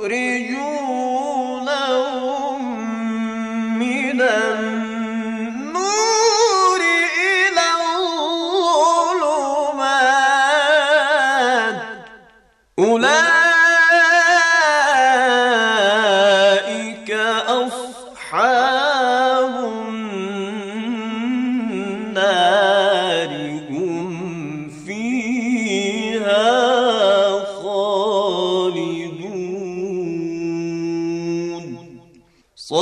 تخرجون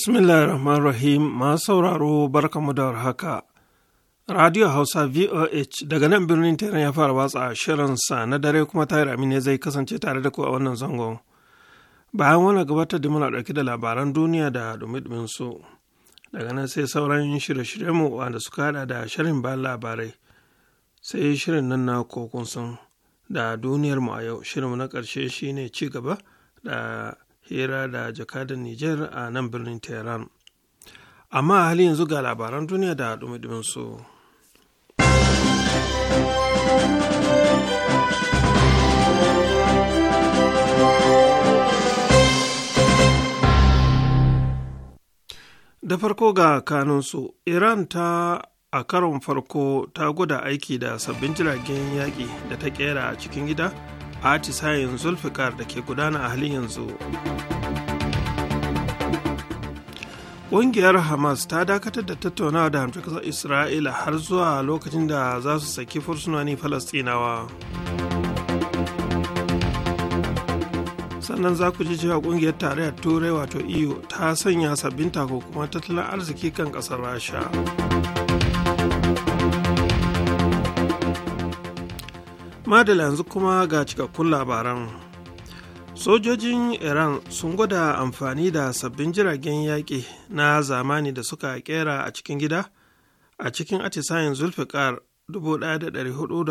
Bismillah rahman rahim masu sauraro barkamu da haka. Radio Hausa VOH daga nan birnin Teran ya fara watsa shirinsa na dare kuma tayar ne zai kasance tare da ku a wannan zangon. Bayan wani gabatar da muna ɗauki da labaran duniya da dumi su. Daga nan sai sauran shirye-shiryenmu wanda suka hada da shirin bayan labarai. Sai shirin nan na kokun sun da duniyarmu a yau shirin na ƙarshe shine ci gaba da hira da jakadan niger a nan birnin tehran amma a hali yanzu ga labaran duniya da dumi su. da farko ga kanunsu iran ta a karon farko ta gwada aiki da sabbin jiragen yaƙi da ta ƙera a cikin gida atisayen zulfikar da ke gudana a halin yanzu ƙungiyar hamas ta dakatar da tattaunawa da hamshin ƙasar isra'ila har zuwa lokacin da za su saki fursunoni falastinawa sannan za ku ji cewa ƙungiyar tarayyar turai wato eu ta sanya sabbin takunkuma tattalin arziki kan ƙasar rasha madala yanzu kuma ga cikakkun labaran sojojin iran sun gwada amfani da sabbin jiragen yaƙi na zamani da suka kera a cikin gida a cikin atisayen zulfikar 1403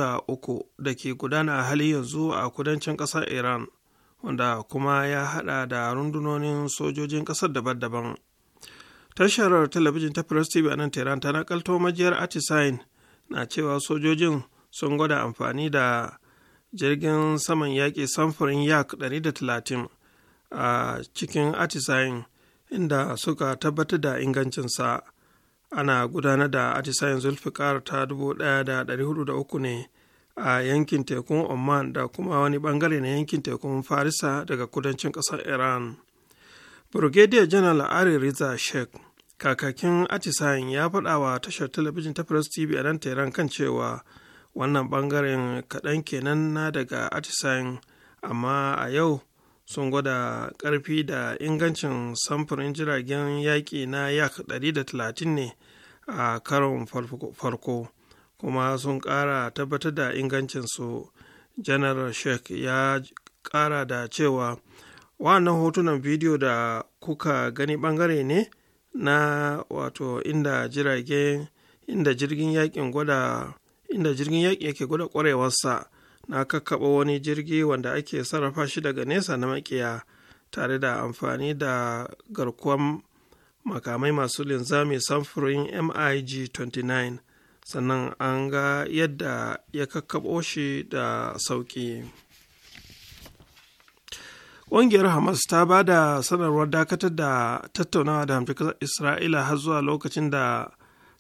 da ke gudana a hali yanzu a kudancin ƙasar iran wanda kuma ya hada da rundunonin sojojin ƙasar daban-daban tasharar talabijin ta press tv a nan tehran ta nakalto majiyar atisayen na cewa sojojin sun gwada amfani da jirgin saman yaƙi samfurin yak 130 a cikin atisayin inda suka tabbatar da ingancinsa ana gudanar da atisayin zulfikar ta 1403 ne a yankin tekun oman da kuma wani bangare na yankin tekun farisa daga kudancin ƙasar iran brigadier general ari riza sheikh kakakin atisayin ya faɗa wa tashar talabijin ta press tv a nan tehran kan cewa wannan ɓangaren kaɗan kenan na daga atisayen amma a yau sun gwada ƙarfi da ingancin samfurin jiragen yaƙi na yak 130 ne a karon farko kuma sun ƙara tabbatar da ingancinsu general sheik ya ƙara da cewa wannan hotunan bidiyo da kuka gani bangare ne na wato inda jiragen inda jirgin yakin gwada inda jirgin yaƙi yake gwada ƙwarewarsa na kakkaɓa wani jirgi wanda ake sarrafa shi daga nesa na makiya tare da amfani da garkuwan makamai masu linzami samfurin mig 29 sannan an ga yadda ya kakkaɓo shi da sauƙi ƙungiyar hamas ta ba da sanarwar dakatar da tattaunawa da hamfikar isra'ila har zuwa lokacin da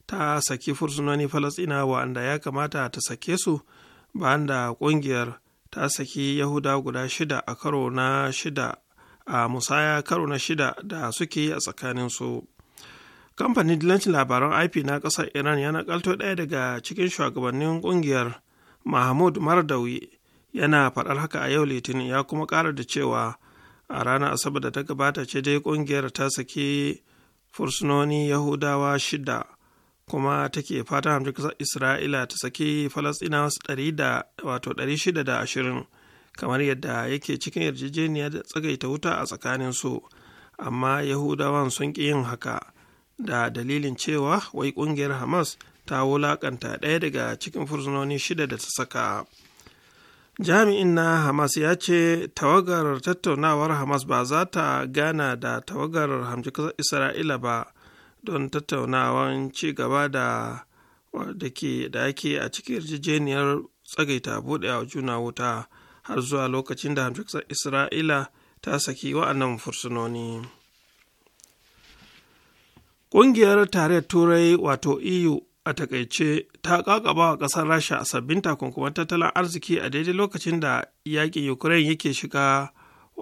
ta saki fursunoni falasɗinawa wanda ya kamata ta sake su bayan da ƙungiyar ta saki yahuda guda shida a karo na shida a musaya karo na shida da suke a tsakaninsu kamfanin dilancin labaran ip na ƙasar iran ya nakalto ɗaya daga cikin shugabannin ƙungiyar mahmud mardawi yana faɗar haka a yau litinin ya kuma ƙara da cewa a ranar asabar da ta gabata ce dai ƙungiyar ta saki fursunoni yahudawa shida kuma take fatan hamshin Kasar isra'ila ta saki falasɗinawa ɗari shida da ashirin kamar yadda yake cikin yarjejeniya da tsagaita wuta a tsakanin su amma yahudawan sun ƙi yin haka da dalilin cewa wai ƙungiyar hamas ta wulaƙanta ɗaya daga cikin fursunoni shida da ta saka jami'in na hamas ya ce tawagar tattaunawar hamas ba za ta gana da tawagar hamshin Kasar isra'ila ba don tattaunawan ci gaba da da ake a cikin yarjejeniyar tsagaita buɗe a juna wuta har zuwa lokacin da hamsar isra'ila ta saki wa'annan fursunoni ƙungiyar tarayyar turai wato eu a takaice ta kakaba wa ƙasar rasha sabbin takunkuman tattalin arziki a daidai lokacin da yaƙin ukraine yake shiga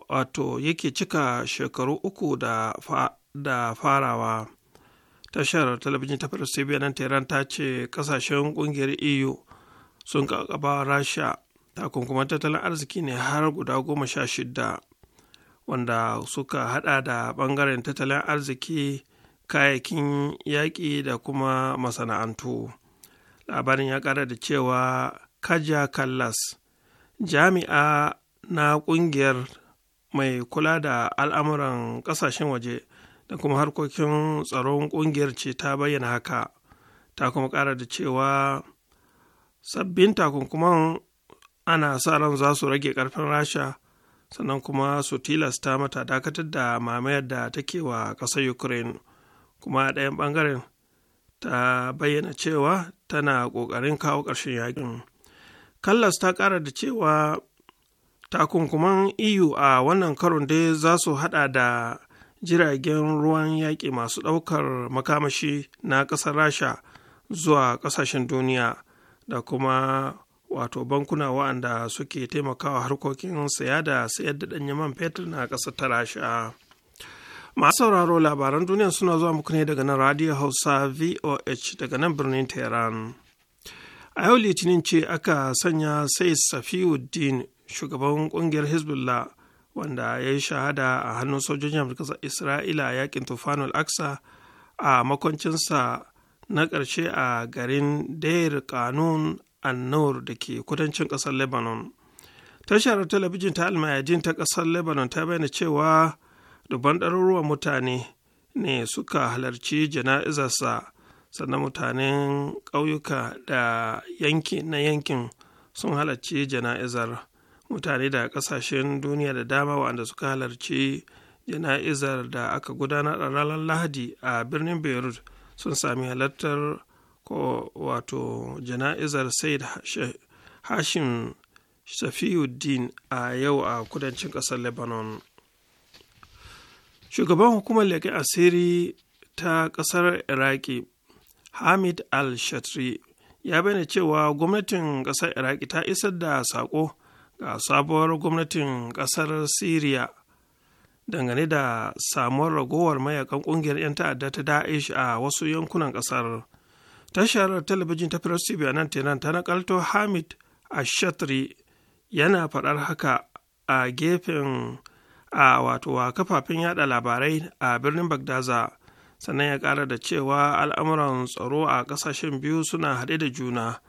wato yake cika shekaru uku da farawa tashar talabijin ta faru tv nan tehran ta ce kasashen kungiyar eu sun kakaba rasha takunkuman tattalin arziki ne har guda goma sha shida wanda suka hada da bangaren tattalin arziki kayayyakin yaƙi da kuma masana'antu labarin ya ƙara da cewa kaja kallas jami'a na ƙungiyar mai kula da al'amuran ƙasashen waje da kuma harkokin tsaron ƙungiyar ce ta bayyana haka ta kuma ƙara da cewa sabbin takunkuman ana sa ran za su rage ƙarfin rasha sannan kuma su tilasta mata dakatar da mamayar da take wa ƙasar ukraine kuma a ɗayan ɓangaren ta bayyana cewa tana ƙoƙarin kawo ƙarshen yakin kallas ta ƙara da cewa takunkuman eu a wannan karon dai za su haɗa da jiragen ruwan yaƙi masu ɗaukar makamashi na ƙasar rasha zuwa ƙasashen duniya da kuma wato bankuna waɗanda suke taimakawa harkokin saya da sayar da ɗanyen man fetur na ƙasar ta rasha masu sauraro labaran duniya suna zuwa muku ne daga nan radio hausa voh daga nan birnin tehran a yau litinin ce aka sanya sai safiuddin shugaban ƙungiyar hezbollah wanda ya yi shahada a hannun sojojin amurka isra'ila a yakin tufanul aksa a makoncinsa na ƙarshe a garin deir kanun annur da ke kudancin ƙasar lebanon tashar talabijin ta almayajin ta ƙasar lebanon ta bayyana cewa dubban ɗaruruwan mutane ne suka halarci jana'izarsa sannan mutanen ƙauyuka da yanki na yankin sun halarci jana'izar mutane da kasashen duniya da dama waɗanda suka halarci jana'izar da aka gudanar a ranar lahadi a birnin beirut sun sami halartar wato jana'izar said hashim safiuddin a yau a kudancin ƙasar lebanon shugaban hukumar leƙen asiri ta ƙasar iraki hamid al-shatri ya bayyana cewa gwamnatin ƙasar iraki ta isar da saƙo ga sabuwar gwamnatin kasar syria dangane da samuwar ragowar mayakan ƙungiyar 'yan ta'adda ta da'ish a wasu yankunan kasar tashar talabijin ta press tv a nan tenan ta nakalto hamid ashatri yana faɗar haka a gefen a wato a kafafen yada labarai a birnin bagdaza sannan ya ƙara da cewa al'amuran tsaro a ƙasashen biyu suna haɗe da juna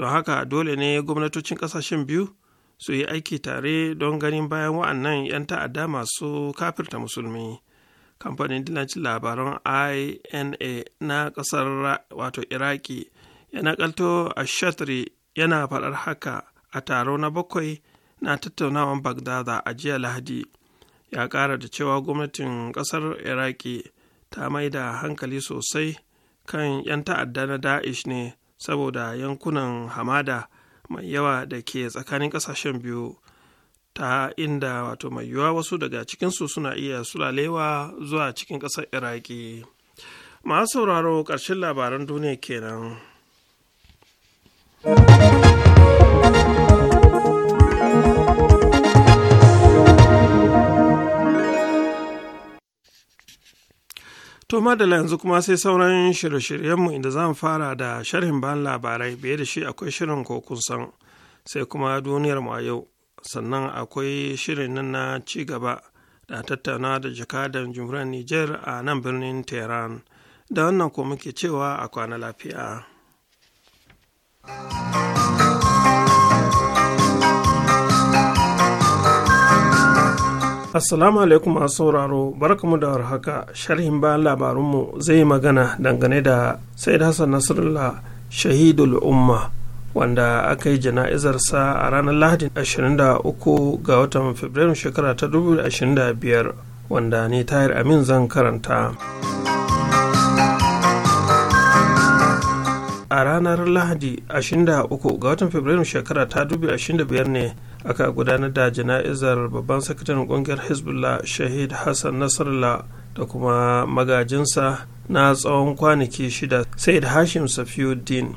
don haka dole ne gwamnatocin ƙasashen biyu su yi aiki tare don ganin bayan wa'annan 'yan ta'adda masu kafirta musulmi kamfanin dillancin labaran ina na ƙasar wato iraki yana kalto a shatri yana faɗar haka a taro na bakwai na tattaunawan bagdada a jiya lahadi ya ƙara da cewa gwamnatin ƙasar iraki ta mai da hankali sosai kan 'yan ta'adda na da'ish ne saboda yankunan hamada mai yawa da ke tsakanin ƙasashen biyu ta inda wato mai yiwuwa wasu daga cikinsu suna iya sulalewa zuwa cikin ƙasar iraki masu sauraro ƙarshen labaran duniya kenan. To madala yanzu kuma sai sauran shirye-shiryenmu inda zan fara da sharhin bayan labarai biye da shi akwai shirin ko san sai kuma duniyar mu a yau sannan akwai shirin nan na ci gaba da tattauna da jakadan jumhuriyar Nijar a nan birnin Tehran da wannan ko muke cewa a kwana lafiya. Assalamu alaikum a sauraro barkamu da warhaka sharhin bayan labarunmu zai magana dangane da Said Hassan Nasrullah shahidul umma wanda aka yi jana'izarsa a ranar Lahadi 23 ga watan Fabrairu shekara ta 2025 wanda ne tayar amin zan karanta. A ranar Lahadi 23 ga watan Fabrairu shekara ta 2025 ne aka gudanar da jana'izar babban sakataren kungiyar hezbollah shahid hassan nasrallah da kuma magajinsa na tsawon kwanaki shida said hashim safiuddin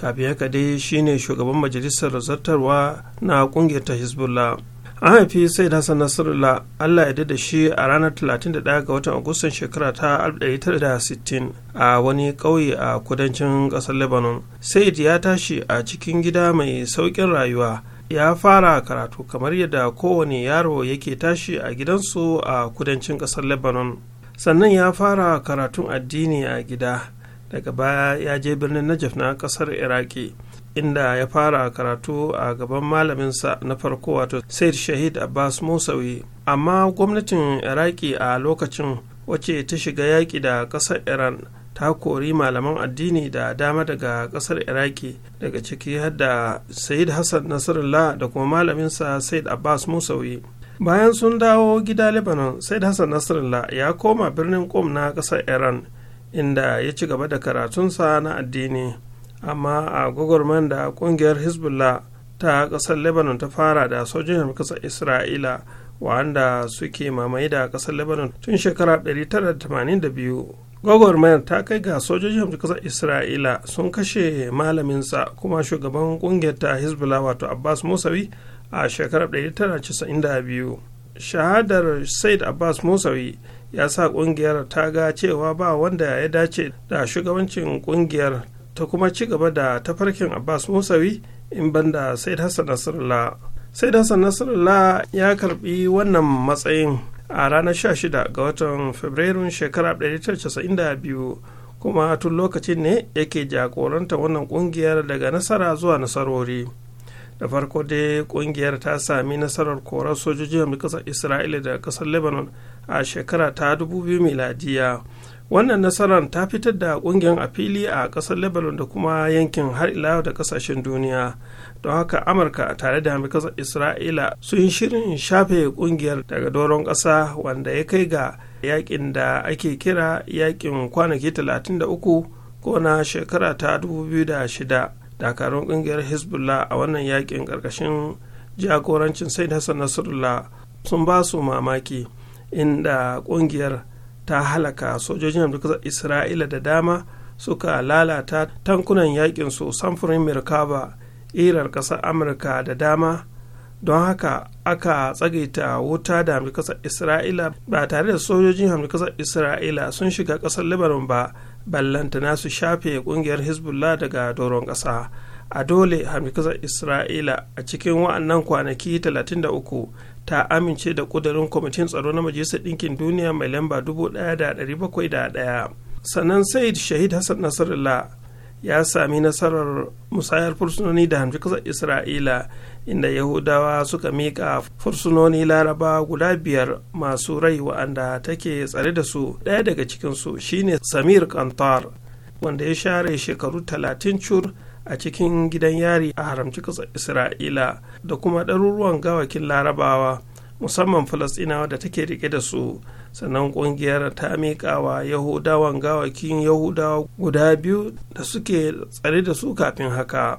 kafin haka dai shine shugaban majalisar zartarwa na kungiyar ta hezbollah an haifi said hassan nasrallah allah ya da shi a ranar 31 ga watan agustan shekara ta 1960 a wani ƙauye a kudancin ƙasar lebanon said ya tashi a cikin gida mai saukin rayuwa ya fara karatu kamar yadda kowane yaro yake tashi a gidansu a kudancin ƙasar lebanon sannan ya fara karatun addini a gida daga baya ya je birnin najaf na ƙasar iraki inda ya fara karatu a gaban malaminsa na farko wato said shahid abbas musawi amma gwamnatin iraki a lokacin wacce ta shiga yaƙi da ƙasar iran ta kori malaman addini da dama daga kasar iraki daga ciki har da sayid hassan nasarallah da kuma malaminsa sayid abbas musawi bayan sun dawo gida lebanon sayid hassan nasarallah ya koma birnin qom na kasar iran inda ya ci gaba da karatunsa na addini amma a gwagwarman da kungiyar hezbollah ta kasar lebanon ta fara da sojojin kasar isra'ila wanda suke mamaye da kasar lebanon tun shekara 1982 gwagwarmayar ta kai ga sojojin hamsin kasar isra'ila sun kashe malaminsa kuma shugaban kungiyar ta hezbollah wato abbas musawi a shekarar 1992 shahadar said abbas musawi ya sa kungiyar ta ga cewa ba wanda ya dace da shugabancin kungiyar ta kuma ci gaba da tafarkin abbas musawi in banda said hassan nasrallah said hassan nasrallah ya karbi wannan matsayin a ranar 16 ga watan fabrairun shekara 1992 kuma tun lokacin ne yake jagoranta wannan kungiyar daga nasara zuwa nasarori da farko dai kungiyar ta sami nasarar korar sojojin kasar isra'ila da kasar lebanon a shekara ta 2000 miladiya wannan nasarar ta fitar da kungiyar a fili a kasar lebanon da kuma yankin har ila da kasashen duniya don haka amurka tare da hamikasar isra'ila sun shirin shafe kungiyar daga doron ƙasa wanda ya kai ga yakin da ake kira yakin kwanaki 33 ko na shekara ta 2006 dakarun kungiyar hezbollah a wannan yakin ƙarƙashin jagorancin sai hassan nasrullah sun ba su mamaki inda kungiyar ta halaka sojojin hamikasar isra'ila da dama suka lalata tankunan yakin su samfurin mirkaba irar ƙasar amurka da dama don haka aka tsagaita wuta da hamdukasar isra'ila ba tare da sojojin hamdukasar isra'ila sun shiga ƙasar libanon ba na su shafe ƙungiyar hezbollah daga doron ƙasa a dole kasar isra'ila a cikin wa'annan kwanaki 33 ta amince da ƙudurin kwamitin tsaro na majalisar ɗinkin duniya mai lamba 1701 sannan said shahid hassan nasarullah ya sami nasarar musayar fursunoni da hamshi kasar isra'ila inda yahudawa suka miƙa fursunoni laraba guda biyar masu rai wa'anda take tsare da su ɗaya daga cikinsu shine samir kantar wanda ya share shekaru talatin cur a cikin gidan yari a haramci kasar isra'ila da kuma ɗaruruwan gawakin larabawa musamman falasɗinawa da take rike da su sannan ƙungiyar ta miƙawa yahudawan gawakin yahudawa guda biyu da suke tsare da su kafin haka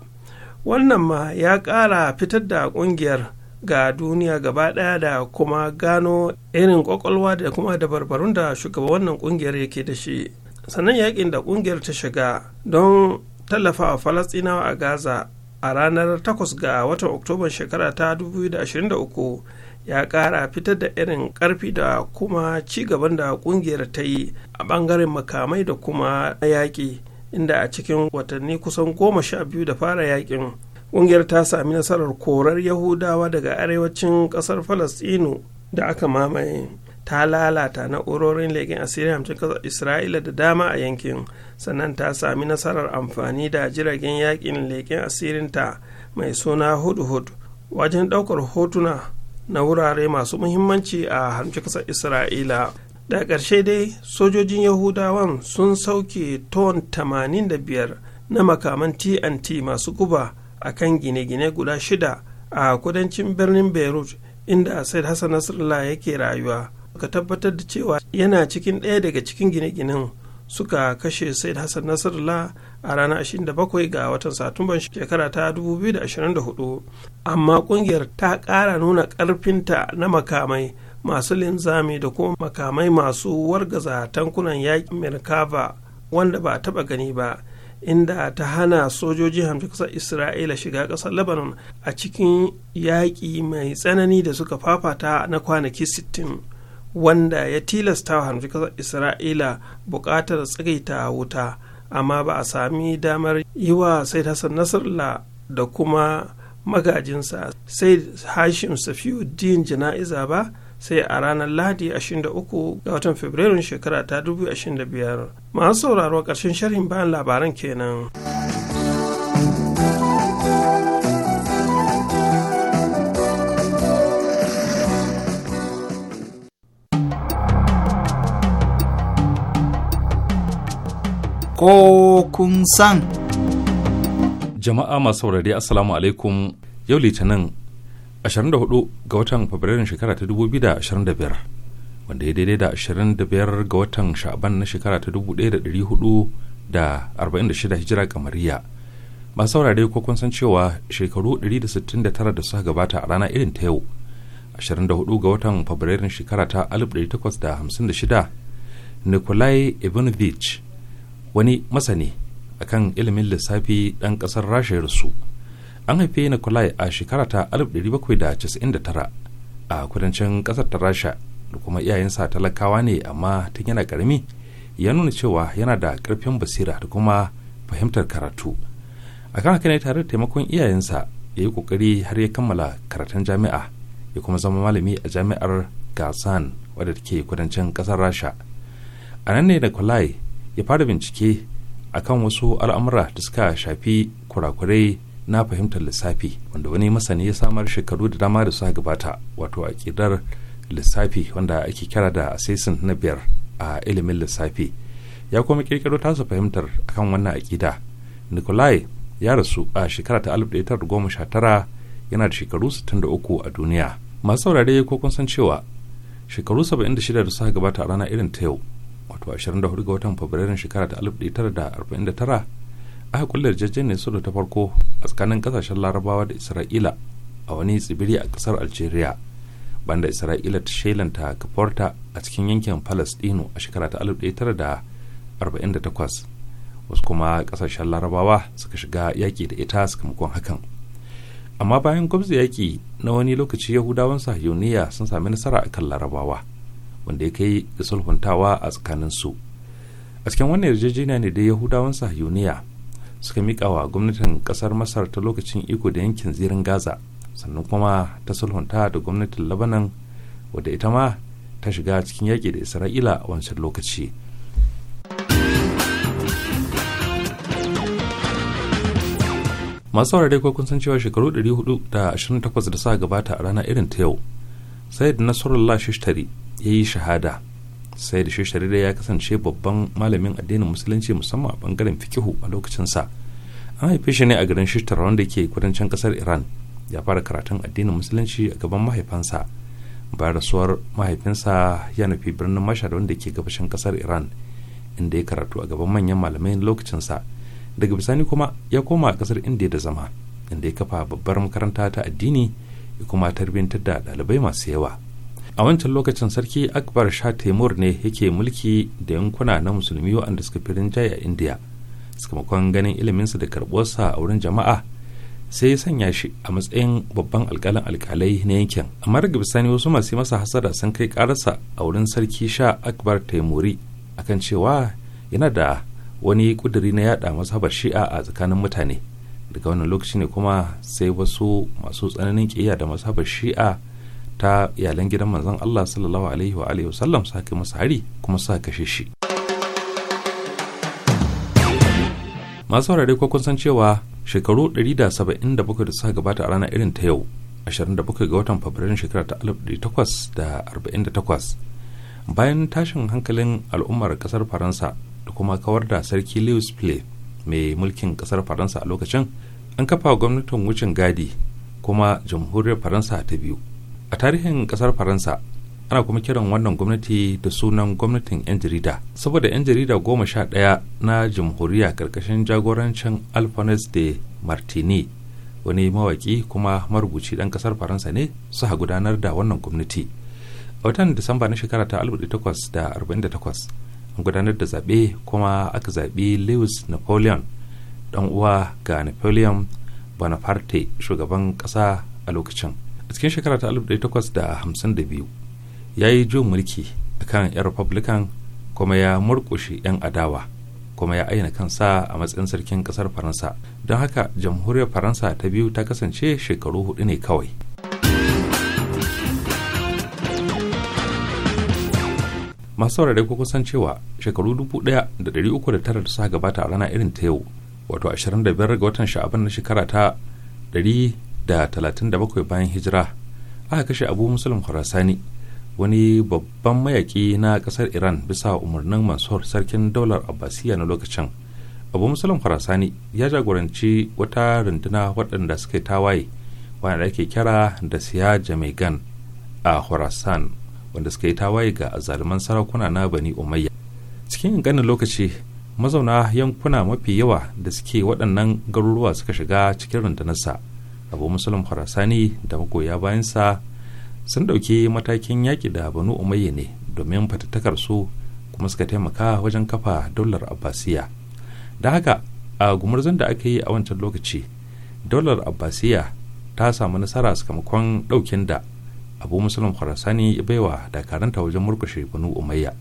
wannan ma ya ƙara fitar da ƙungiyar ga duniya gaba ɗaya da kuma gano irin ƙwaƙwalwa da kuma dabarbarun da shugaba wannan ƙungiyar yake da shi sannan yakin da ƙungiyar ta shiga don tallafa wa falasɗinawa a gaza a ranar 8 ga watan oktoba shekara ta 2023 ya ƙara fitar da irin karfi da kuma ci gaban da ƙungiyar ta yi a bangaren makamai da kuma yaƙi inda a cikin watanni kusan goma sha biyu da fara yaƙin ƙungiyar ta sami nasarar korar yahudawa daga arewacin ƙasar falastinu da aka mamaye ta lalata na'urorin leƙen asiri hamsin ƙasar isra'ila da dama a yankin sannan ta sami nasarar amfani da jiragen yaƙin leƙen asirinta mai suna hudu hudu wajen ɗaukar hotuna na wurare masu muhimmanci a harmci ƙasar isra'ila da ƙarshe dai sojojin yahudawan sun sauke ton 85 na makaman tnt masu guba a kan gine-gine guda shida a kudancin birnin beirut inda said hassan nasrallah yake rayuwa ka tabbatar da cewa yana cikin ɗaya daga cikin gine-ginen suka kashe said hassan nasarla a ranar 27 ga watan satumban shekara ta 2024 amma kungiyar ta kara nuna karfinta na makamai masu linzami da kuma makamai masu wargaza tankunan yakin merkava wanda ba taba gani ba inda ta hana sojoji hamsin kasar isra'ila shiga ƙasar lebanon a cikin yaƙi mai tsanani da suka fafata na kwanaki 60 wanda ya tilasta wa hamfi kasar isra'ila buƙatar tsagaita wuta amma ba a sami damar yi wa sai hassan nasarla da kuma magajinsa said hashim din jana'iza ba sai a ranar lahadi 23 ga watan fabrairun shekara ta 2025 masu sauraro ƙarshen sharhin bayan labaran kenan. ko kun san. Jama'a masu saurari Assalamu alaikum yau Litinin 24 ga watan Fabrairun shekara ta 2025 wanda ya daidai da 25 ga watan shaban na shekara ta 1446 Hijira kamariya. Masu saurari ko kun san cewa shekaru 169 da suka gabata a rana irin ta yau 24 ga watan Fabrairun shekara ta 1856 Nikolai Ivanovich wani masani kan ilimin lissafi ɗan ƙasar rasha ya rasu an haife nikolai a shekara ta 1799 a kudancin ƙasar ta rasha da kuma iyayensa talakawa ne amma tun yana ƙarami ya nuna cewa yana da ƙarfin basira da kuma fahimtar karatu a kan haka ne tare da taimakon iyayensa ya yi ƙoƙari har ya kammala karatun jami'a ya kuma zama malami a jami'ar gasan wadda take kudancin ƙasar rasha a nan ne nikolai ya fara bincike a kan wasu al'amura da suka shafi kurakurai na fahimtar lissafi wanda wani masani ya samar shekaru da dama da suka gabata wato a ƙidar lissafi wanda ake kira da assassin na biyar a ilimin lissafi ya kuma kirkiro tasu fahimtar akan wannan akida nikolai ya rasu a shekara ta 1919 yana da shekaru 63 a duniya masu saurare ko kun san cewa shekaru 76 da suka gabata a rana irin ta yau wato 24 ga watan fabrairun shekara ta 1949 aka kulle yarjejeniyar sulhu ta farko a tsakanin kasashen larabawa da isra'ila a wani tsibiri a kasar algeria banda isra'ila ta shelanta kafarta a cikin yankin palestino a shekara ta 1948 wasu kuma kasashen larabawa suka shiga yaƙi da ita sakamakon hakan amma bayan gwamnati yaƙi na wani lokaci yahudawan sahiyoniya sun sami nasara akan larabawa wanda ya kai ga sulhuntawa a tsakanin su a cikin wannan yarjejeniya ne da yahudawan sahiyuniya suka mika wa gwamnatin kasar masar ta lokacin iko da yankin zirin gaza sannan kuma ta sulhunta da gwamnatin labanan wadda ita ma ta shiga cikin yaƙi da isra'ila a wancan lokaci masu saurare ko kun san cewa shekaru 428 da sa gabata a rana irin ta yau sayyid nasrullah shishtari ya yi shahada sai da shirya ya kasance babban malamin addinin musulunci musamman a bangaren fikihu a lokacinsa an haife shi ne a garin shishtar wanda ke kudancin kasar iran ya fara karatun addinin musulunci a gaban mahaifansa bayan rasuwar mahaifinsa ya nufi birnin mashhad wanda ke gabashin kasar iran inda ya karatu a gaban manyan malamai lokacinsa daga bisani kuma ya koma a kasar indiya da zama inda ya kafa babbar makaranta ta addini ya kuma tarbiyyantar da ɗalibai masu yawa a wancan lokacin sarki akbar sha taimur ne yake mulki da yankuna na musulmi waɗanda suka fi rinjaye a indiya sakamakon ganin iliminsa da karɓuwarsa a wurin jama'a sai ya sanya shi a matsayin babban alkalin alƙalai na yankin amma daga bisani wasu masu masa hasada sun kai karasa a wurin sarki sha akbar taimuri akan cewa yana da wani ƙuduri na yada mazhabar shi'a a tsakanin mutane daga wannan lokaci ne kuma sai wasu masu tsananin ƙiyya da mazhabar shi'a ta iyalan gidan manzon Allah sallallahu alaihi wa alihi wasallam su haka masa hari kuma sa kashe shi masu saurare ko kun san cewa shekaru 177 da suka gabata a ranar irin ta yau 27 ga watan Fabrairu shekara ta 1848 bayan tashin hankalin al'ummar kasar faransa da kuma kawar da sarki louis play mai mulkin kasar faransa a lokacin an kafa gwamnatin wucin gadi kuma jamhuriyar faransa ta biyu a tarihin kasar faransa ana kuma kiran wannan gwamnati da sunan gwamnatin 'yan jarida saboda 'yan jarida goma sha ɗaya na jamhuriya karkashin jagorancin alphonse de martini wani mawaki kuma marubuci ɗan kasar faransa ne suka gudanar da wannan gwamnati a watan disamba na shekara ta 1848 an gudanar da zaɓe kuma aka zaɓi lewis napoleon ɗan uwa ga napoleon bonaparte shugaban ƙasa a lokacin a cikin shekara ta 1852 ya yi jin mulki a kan 'yan republican kuma ya murkushe 'yan adawa kuma ya aina kansa a matsayin sarkin ƙasar faransa don haka jamhuriyar faransa ta biyu ta kasance shekaru hudu ne kawai masu saurare ko kusan cewa shekaru 1,309 da suka gabata a rana irin ta yau wato 25 ga watan sha'aban na shekara ta 100 da 37 bayan hijira aka kashe abu musulun khurasani wani babban mayaki na kasar iran bisa umarnin mansur sarkin daular abbasiya na lokacin abu musulun khurasani ya jagoranci wata runduna waɗanda suka tawaye wanda ake kira da siya jamaican a khurasan wanda suka yi tawaye ga azaliman sarakuna na bani umayya cikin ganin lokaci mazauna yankuna mafi yawa da suke waɗannan garuruwa suka shiga cikin rundunarsa abu musulun farasani da magoya bayansa sun ɗauki matakin yaƙi da banu umayya ne domin fatattakar su kuma suka taimaka wajen kafa daular abbasiya da haka a gumurzun da aka yi a wancan lokaci daular abbasiya ta samu nasara sakamakon ɗaukin da abu musulun farasani baiwa dakaranta wajen murkushe banu umayya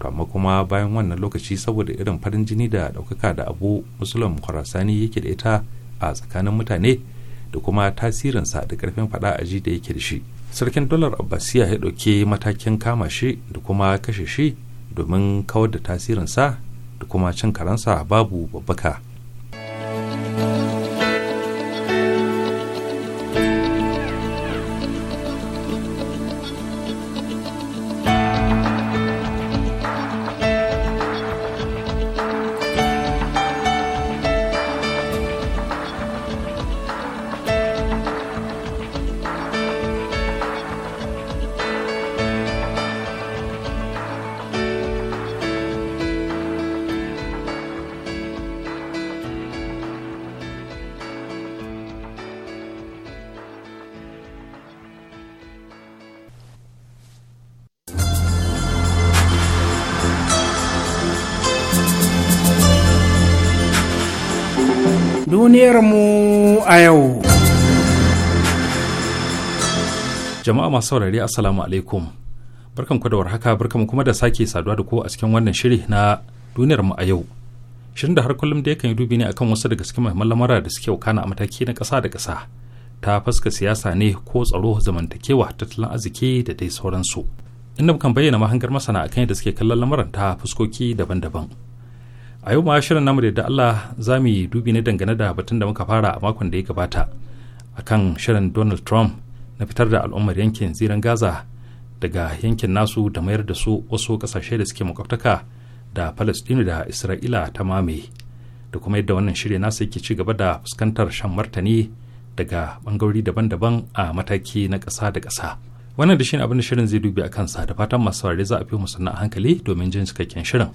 to amma kuma bayan wannan lokaci saboda irin farin jini da ɗaukaka da abu musulun kwarasani yake da ita a tsakanin mutane da kuma tasirinsa da karfin fada ji da yake da shi sarkin dolar abbasiya ya ɗauki matakin kama shi da kuma kashe shi domin kawar da tasirinsa da kuma cin karansa babu babbaka duniyarmu a yau. Jama'a masu saurari Assalamu alaikum. Barkan ku da warhaka barkan kuma da sake saduwa da ku a cikin wannan shiri na duniyarmu a yau. Shirin da har kullum da yakan yi dubi ne akan wasu daga cikin muhimman lamura da suke wakana a mataki na ƙasa da ƙasa. Ta faska siyasa ne ko tsaro zamantakewa tattalin arziki da dai sauransu. Inda kan bayyana mahangar masana akan yadda suke kallon lamuran ta fuskoki daban-daban. a yau ma shirin namu da Allah za mu yi dubi ne dangane da batun da muka fara a makon da ya gabata a kan shirin Donald Trump na fitar da al'ummar yankin ziran Gaza daga yankin nasu da mayar da su wasu kasashe da suke makwabtaka da Palestine da Isra'ila ta mame da kuma yadda wannan shirya nasu yake ci gaba da fuskantar shan martani daga bangarori daban-daban a mataki na ƙasa da ƙasa. Wannan da shine abin da shirin zai dubi a kansa da fatan masu za a fi musanna a hankali domin jin cikakken shirin.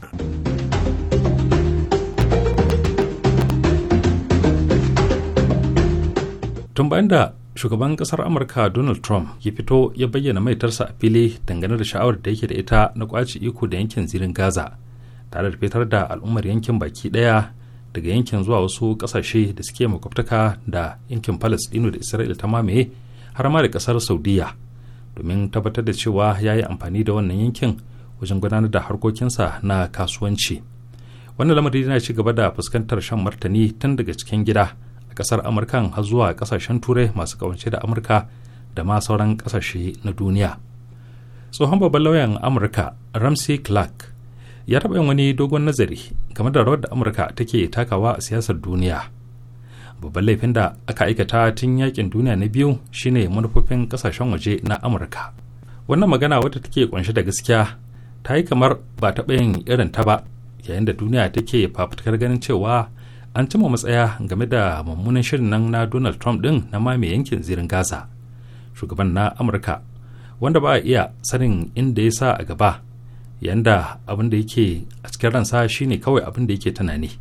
tun bayan da shugaban kasar amurka donald trump ya fito ya bayyana maitarsa a fili dangane da sha'awar da yake da ita na kwaci iko da yankin zirin gaza tare da fitar da al'ummar yankin baki daya daga yankin zuwa wasu kasashe da suke makwabtaka da yankin palestino da isra'ila ta mamaye har ma da kasar saudiya domin tabbatar da cewa ya yi amfani da wannan yankin wajen gudanar da harkokinsa na kasuwanci wannan lamari yana ci gaba da fuskantar shan martani tun daga cikin gida kasar amurkan har zuwa kasashen turai masu kawance da amurka da ma sauran kasashe na duniya tsohon babban lauyan amurka ramsey clark ya taɓa yin wani dogon nazari game da rawar da amurka take takawa a siyasar duniya babban laifin da aka aikata tun yakin duniya na biyu shine manufofin kasashen waje na amurka wannan magana wata take kunshe da gaskiya ta yi kamar ba taɓa yin irin ta ba yayin da duniya take fafutukar ganin cewa an cimma matsaya game da mummunan shirin nan na donald trump din na mamaye yankin zirin gaza shugaban na amurka wanda ba a iya sanin inda ya sa a gaba yanda abin da yake a cikin ransa shine kawai abin da yake tunani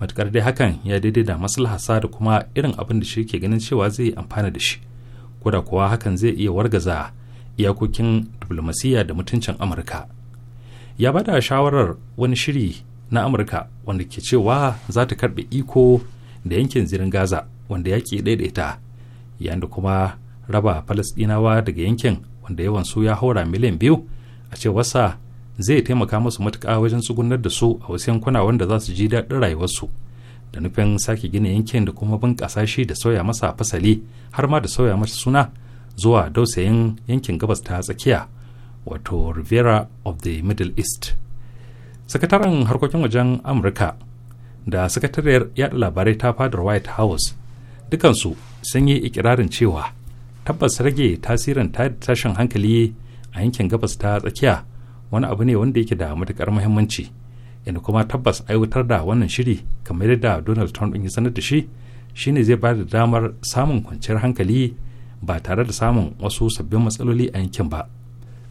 matukar dai hakan ya daidai da maslaharsa da kuma irin abin da shi ke ganin cewa zai amfana da shi ko da kuwa hakan zai iya wargaza iyakokin diplomasiya da mutuncin amurka ya bada shawarar wani shiri na amurka wanda ke cewa za ta karbe iko da yankin zirin gaza wanda yake daidaita yayin da kuma raba falastinawa daga yankin wanda yawan su ya haura miliyan biyu a cewarsa zai taimaka musu matuƙa wajen tsugunar da su a wasu yankuna wanda za su ji daɗin rayuwarsu da nufin sake gina yankin da kuma bunƙasa shi da sauya masa fasali har ma da sauya masa suna zuwa dausayin yankin gabas ta tsakiya wato rivera of the middle east sakataren harkokin wajen amurka da sakatariyar yada labarai ta fadar white house dukansu sun yi ikirarin cewa tabbas rage tasirin tashin hankali a yankin gabas ta tsakiya wani abu ne wanda yake da matukar muhimmanci inda kuma tabbas aiwatar da wannan shiri kamar yadda donald trump ya sanar da shi shine zai ba da damar samun kwanciyar hankali ba tare da samun wasu sabbin matsaloli a yankin ba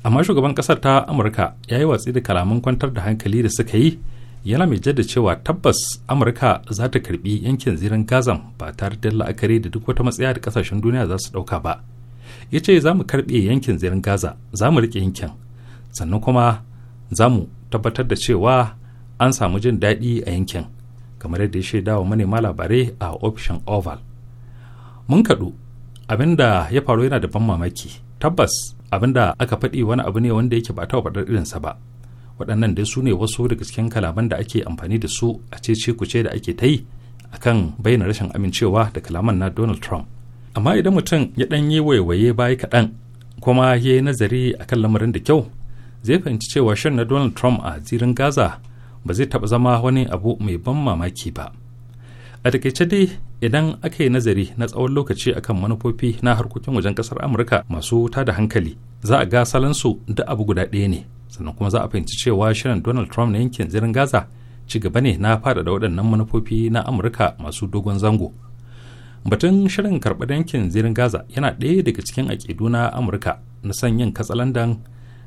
amma shugaban kasar ta amurka ya yi watsi da kalaman kwantar da hankali da suka yi yana mai jadda cewa tabbas amurka za ta karbi yankin zirin gazan ba tare da la'akari da duk wata matsaya da kasashen duniya za su dauka ba ya ce za mu karbe yankin zirin gaza za mu rike yankin sannan kuma za mu tabbatar da cewa an samu jin daɗi a yankin kamar yadda ya shaida wa manema labarai a ofishin oval mun kaɗu abinda ya faru yana da ban mamaki tabbas abin da aka faɗi wani abu ne wanda yake ba taɓa faɗar irinsa ba waɗannan dai su ne wasu daga cikin kalaman da ake amfani da su a ce ku ce da ake ta yi akan bayyana rashin amincewa da kalaman na donald trump amma idan mutum ya ɗan yi waiwaye baya kaɗan kuma ya yi nazari a kan lamarin da kyau zai fahimci cewa shan na donald trump a zirin gaza ba zai taɓa zama wani abu mai ban mamaki ba a takaice dai idan aka yi nazari na tsawon lokaci akan manufofi na harkokin wajen kasar amurka masu da hankali za a ga salansu da abu guda ɗaya ne sannan kuma za a fahimci cewa shirin donald trump na yankin zirin gaza ci gaba ne na faɗaɗa waɗannan manufofi na amurka masu dogon zango batun shirin karɓar yankin zirin gaza yana ɗaya daga cikin aƙidu na amurka na son yin katsalandan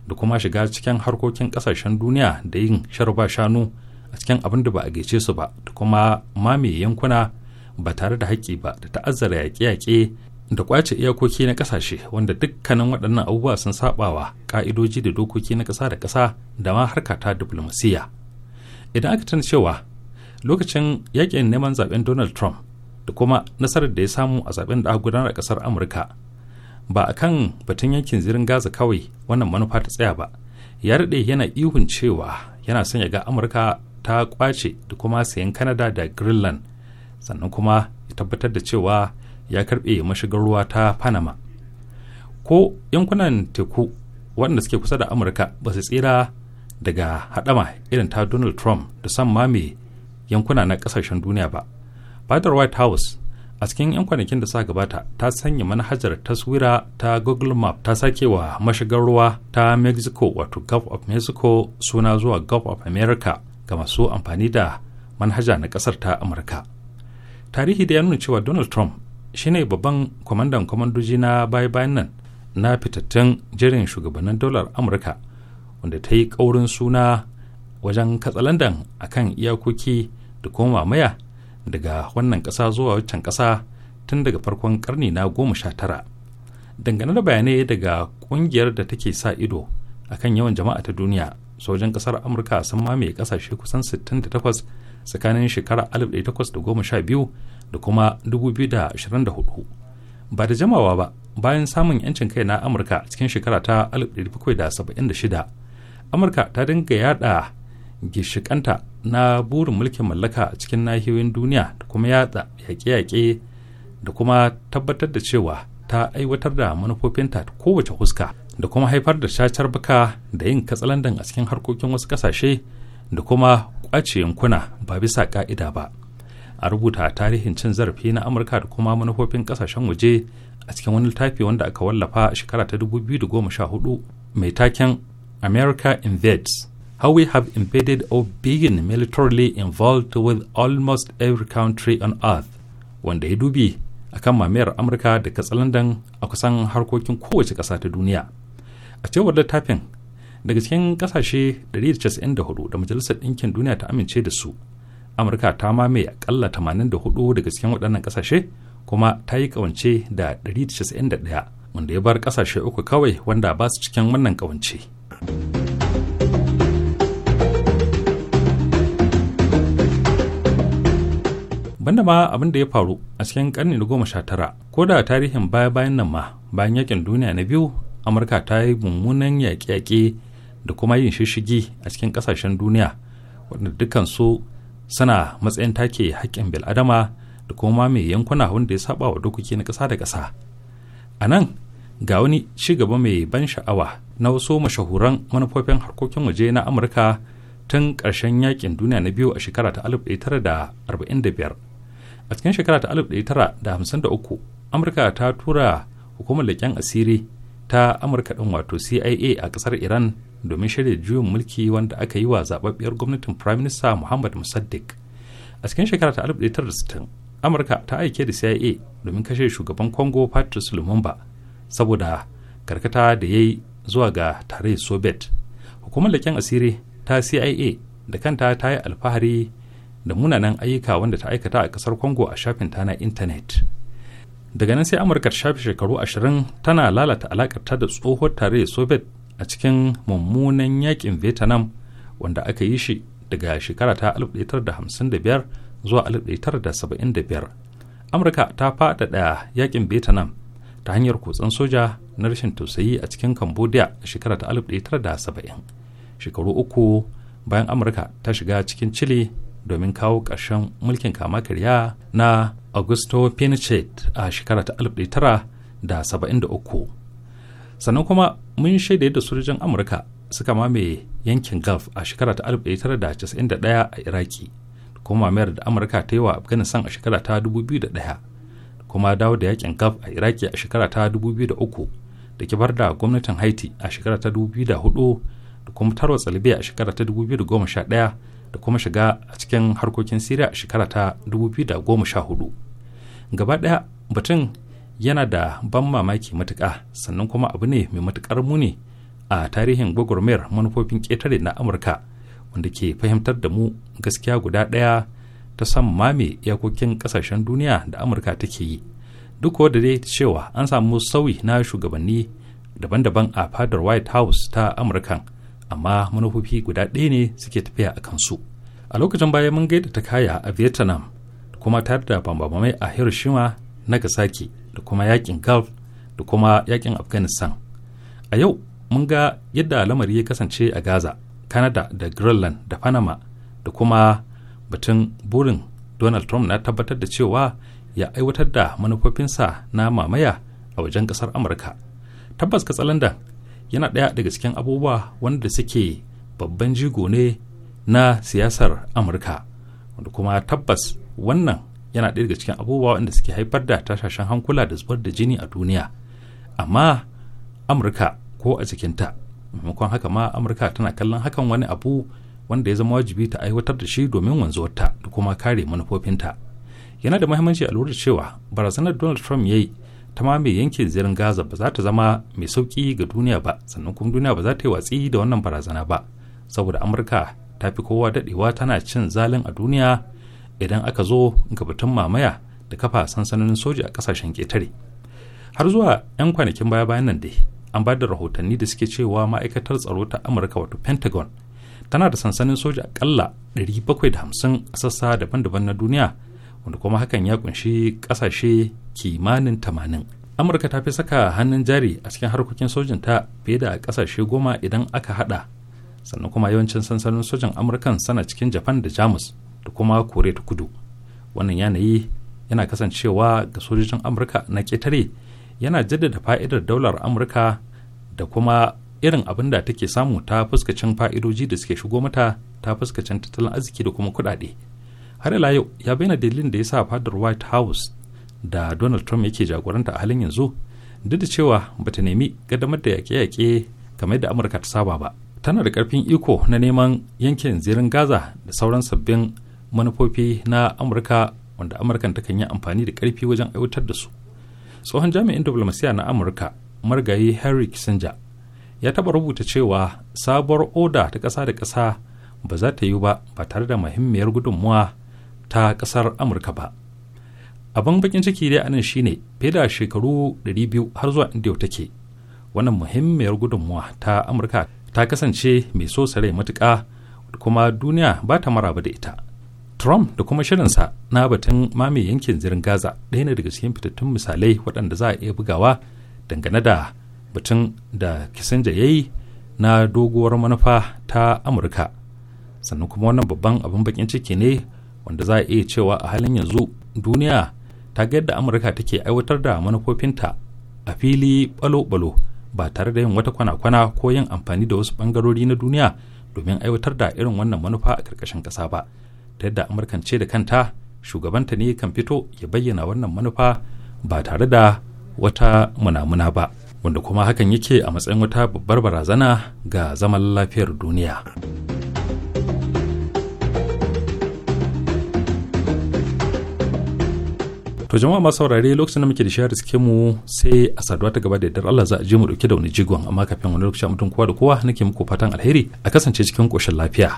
da kuma shiga cikin harkokin ƙasashen duniya da yin sharba shanu a cikin abin da ba a gaishe su ba da kuma mamaye yankuna ba tare da haƙƙi ba da ta'azzara yaƙe-yaƙe da kwace iyakoki na ƙasashe wanda dukkanin waɗannan abubuwa sun saɓawa ƙa'idoji da dokoki na ƙasa da ƙasa da ma harka ta diflomasiyya idan aka tana cewa lokacin yaƙin neman zaɓen donald trump da kuma nasarar da ya samu a zaɓen da aka gudanar a ƙasar amurka ba a kan batun yankin zirin gaza kawai wannan manufa ta tsaya ba ya daɗe yana ihun cewa yana son ya ga amurka ta kwace da kuma sayan kanada da Greenland sannan kuma ya tabbatar da cewa ya karbe mashigar ruwa ta Panama. Ko yankunan teku waɗanda suke kusa da Amurka ba su tsira daga haɗama irin ta Donald Trump da san mame yankuna na ƙasashen duniya ba. Fadar White House a cikin 'yan kwanakin da sa gabata ta sanya manhajar taswira ta google map ta sake wa mashigar ruwa ta mexico wato gulf of mexico suna zuwa gulf of america ga masu amfani da manhaja na kasar ta amurka tarihi da ya nuna cewa donald trump shine babban kwamandan kwamandoji na baya-bayan nan na fitattun jirin shugabannin dolar amurka wanda ta yi ƙaurin suna wajen katsalandan a kan iyakoki da kuma mamaya daga wannan ƙasa zuwa waccan ƙasa tun daga farkon ƙarni na goma sha tara dangane da bayanai daga ƙungiyar da take sa ido akan yawan jama'a ta duniya sojin kasar amurka sun mamaye kasashe kusan 68 tsakanin shekarar 1812 da kuma 2024 ba da jamawa ba bayan samun yancin kai na amurka cikin shekara ta 1776 amurka ta dinga yada gishikanta na burin mulkin mallaka cikin nahiyoyin duniya da kuma yada yaƙe-yaƙe da kuma tabbatar da cewa ta aiwatar da manufofinta kowace huska da kuma haifar da shacar baka da yin katsalandan a cikin harkokin wasu kasashe da kuma kwace yankuna ba bisa ka'ida ba a rubuta tarihin cin zarafi na amurka da kuma manufofin kasashen waje a cikin wani littafi wanda aka wallafa a shekara ta 2014 mai taken america invades how we have invaded or been militarily involved with almost every country on earth wanda ya dubi akan mamayar amurka da katsalandan a kusan harkokin kowace ƙasa ta duniya a cewar littafin daga cikin kasashe 194 da majalisar ɗinkin duniya ta amince da su amurka ta mamaye akalla 84 daga cikin waɗannan kasashe kuma ta yi kawance da 191 wanda ya bar kasashe uku kawai wanda ba su cikin wannan kawance. banda ma abin da ya faru a cikin karni na goma sha tara ko da tarihin baya bayan nan ma bayan yakin duniya na biyu amurka ta yi mummunan yaƙe-yaƙe da kuma yin shishigi a cikin ƙasashen duniya waɗanda dukansu suna matsayin take haƙƙin bil'adama da kuma mai yankuna wanda ya saba wa dokoki na ƙasa da ƙasa a nan ga wani ci gaba mai ban sha'awa na wasu mashahuran manufofin harkokin waje na amurka tun ƙarshen yaƙin duniya na biyu a shekara ta 1945 a cikin shekara ta 1953 amurka ta tura hukumar leƙen asiri ta amurka ɗin wato cia a ƙasar iran domin shirya juyin mulki wanda aka yi wa zababbiyar gwamnatin prime minister muhammad musaddiq a cikin shekara ta 1960 amurka ta aike da cia domin kashe shugaban congo patrice lumumba saboda karkata da ya yi zuwa ga tarayyar soviet hukumar leƙen asiri ta cia da kanta ta yi alfahari da munanan ayyuka wanda ta aikata a ƙasar congo a shafin ta na intanet daga nan sai amurka ta shafe shekaru ashirin tana lalata alakarta da tsohuwar tarayyar soviet a cikin mummunan yakin vietnam wanda aka yi shi daga shekara ta 1955 zuwa 1975 amurka ta faɗaɗa yakin vietnam ta hanyar kutsen soja na rashin tausayi a cikin cambodia a shekara ta 1970 shekaru uku bayan amurka ta shiga cikin chile domin kawo ƙarshen mulkin kama karya na augusto pinochet a shekara ta 1973 sannan kuma mun shaida yadda sojojin amurka suka mamaye yankin gulf a shekara ta 1991 a iraki kuma mamayar da amurka ta yi wa afghanistan a shekara ta 2001 kuma dawo da yakin gulf a iraki a shekara ta 2003 da kibar da gwamnatin haiti a shekara ta 2004 da kuma tarwatsa libya a shekara ta 2011 da kuma shiga a cikin harkokin Siriya a shekara ta 2014. Gaba ɗaya batun yana da ban mamaki matuka sannan kuma abu ne mai matuƙar muni a tarihin gwagwarmayar manufofin ƙetare na Amurka wanda ke fahimtar da mu gaskiya guda ɗaya ta san mame iyakokin ƙasashen duniya da Amurka take yi. Duk da dai cewa an samu sauyi na shugabanni daban-daban a fadar White House ta Amurkan. amma manufofi guda ɗaya ne suke tafiya a kansu a lokacin baya mun gaida ta kaya a vietnam da kuma tare da bambamai a hiroshima nagasaki da kuma yakin gulf da kuma yakin afghanistan a yau mun ga yadda lamari ya kasance a gaza canada da greenland da panama da kuma batun burin donald trump na tabbatar da cewa ya aiwatar da manufofinsa na mamaya a wajen kasar amurka tabbas katsalandan yana ɗaya daga cikin abubuwa wanda suke babban jigo ne na siyasar amurka wanda kuma tabbas wannan yana ɗaya daga cikin abubuwa wanda suke haifar da tashashen hankula da zubar da jini a duniya amma amurka ko a cikinta maimakon haka ma amurka tana kallon hakan wani abu wanda ya zama wajibi ta aiwatar da shi domin wanzuwarta da kuma kare manufofinta yana da muhimmanci a lura cewa barazanar donald trump ya yi ta ma mai yankin zirin gaza ba za ta zama mai sauki ga duniya ba sannan kuma duniya ba za ta yi watsi da wannan barazana ba saboda amurka ta fi kowa daɗewa tana cin zalin a duniya idan aka zo ga batun mamaya da kafa sansanonin soja a ƙasashen ƙetare har zuwa 'yan kwanakin baya bayan nan dai an ba da rahotanni da suke cewa ma'aikatar tsaro ta amurka wato pentagon tana da sansanin soja akalla 750 a sassa daban-daban na duniya wanda kuma hakan ya kunshi ƙasashe kimanin tamanin amurka ta fi saka hannun jari a cikin harkokin sojin ta fiye da ƙasashe goma idan aka hada sannan kuma yawancin sansanin sojan amurkan sana cikin japan da jamus da kuma kore ta kudu wannan yanayi yana kasancewa ga sojojin amurka na ƙetare yana jaddada fa'idar daular amurka da kuma irin abin da take samu ta fuskacin fa'idoji da suke shigo mata ta fuskacin tattalin arziki da kuma kuɗaɗe har ila yau ya bayyana dalilin da ya sa fadar white house da donald trump yake jagoranta a halin yanzu duk da cewa bata nemi gadamar da yaƙe-yaƙe kamar da amurka ta saba ba tana da karfin iko na neman yankin zirin gaza da sauran sabbin manufofi na amurka wanda amurkan ta kan yi amfani da karfi wajen aiwatar da su tsohon jami'in diplomasiya na amurka margayi henry kissinger ya taɓa rubuta cewa sabuwar oda ta ƙasa da ƙasa ba za ta yi ba ba tare da muhimmiyar gudunmuwa ta ƙasar amurka ba abin bakin ciki dai anan shine fiye da shekaru 200 har zuwa inda yau take wannan muhimmiyar gudunmuwa ta amurka ta kasance mai so sarai matuƙa kuma duniya ba ta maraba da ita trump da kuma shirinsa na batun mame yankin zirin gaza ɗaya ne daga cikin fitattun misalai waɗanda za a iya bugawa dangane da batun da kisinja ya yi na doguwar manufa ta amurka sannan kuma wannan babban abin bakin ciki ne wanda za a iya cewa a halin yanzu duniya ta ga yadda amurka take aiwatar da manufofinta a fili balo-balo ba tare da yin wata kwana-kwana ko yin amfani da wasu bangarori na duniya domin aiwatar da irin wannan manufa a ƙarƙashin ƙasa ba ta yadda amurkan ce da kanta shugabanta ne kan fito ya bayyana wannan manufa ba tare da wata munamuna ba wanda kuma hakan yake a matsayin wata babbar barazana ga zaman lafiyar duniya. to jama'a masu saurare lokacin da muke da shari suke mu sai a saduwa ta gaba da yadda Allah za a je mu dauke da wani jigon amma kafin wani lokaci mutum kowa da kowa nake muku fatan alheri a kasance cikin koshin lafiya.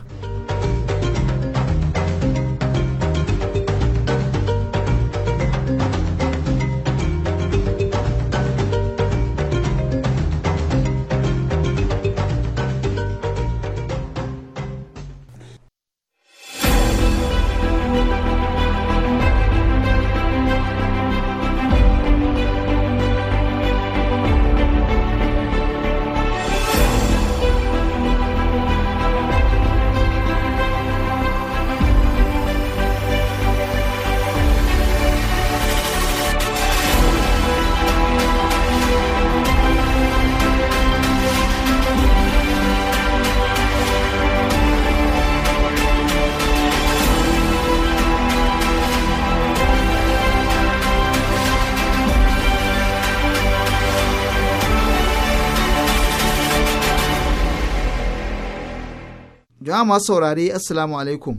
masu saurare assalamu alaikum.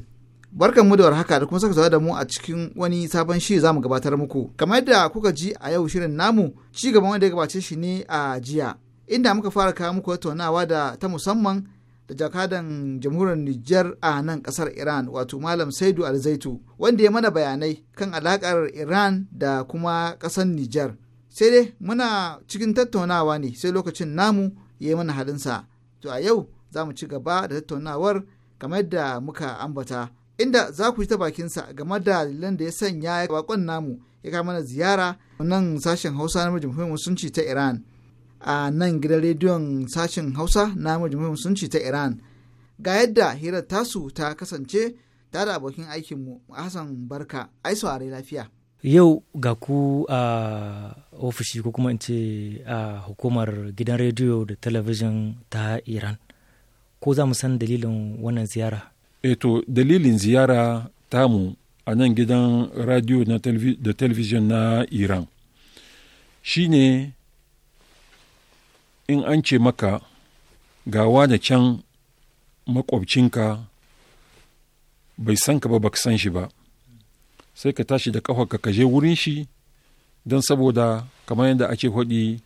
Barkan mu da warhaka da kuma saka da mu a cikin wani sabon shiri zamu gabatar muku. Kamar da kuka ji a yau shirin namu ci gaban wanda ya gabace shi ne a jiya. Inda muka fara kawo muku tattaunawa da ta musamman da jakadan jamhuriyar Nijar a nan kasar Iran wato Malam Saidu Alzaitu wanda ya mana bayanai kan alakar Iran da kuma kasar Nijar. Sai dai muna cikin tattaunawa ne sai lokacin namu ya yi mana halinsa. To a yau za mu ci gaba da tattaunawar kamar da muka ambata inda za ku ji ta bakinsa game da dalilan da ya sanya ya bakon namu ya kai mana ziyara nan sashen hausa na jamhuriyar musulunci ta iran a nan gidan rediyon sashen hausa na jamhuriyar musulunci ta iran ga yadda hirar tasu ta kasance ta da abokin aikinmu hassan barka ai saurari lafiya yau ga ku a ofishi ko kuma in ce a hukumar gidan rediyo da talabijin ta iran ko za mu san dalilin wannan ziyara eto eh dalilin ziyara tamu a nan gidan radio da television na iran shi ne in an ce maka gawa da can makwabcinka bai san ka ba baka san shi ba sai ka tashi da ƙafa ka kaje wurin shi don saboda kamar yadda ake hudi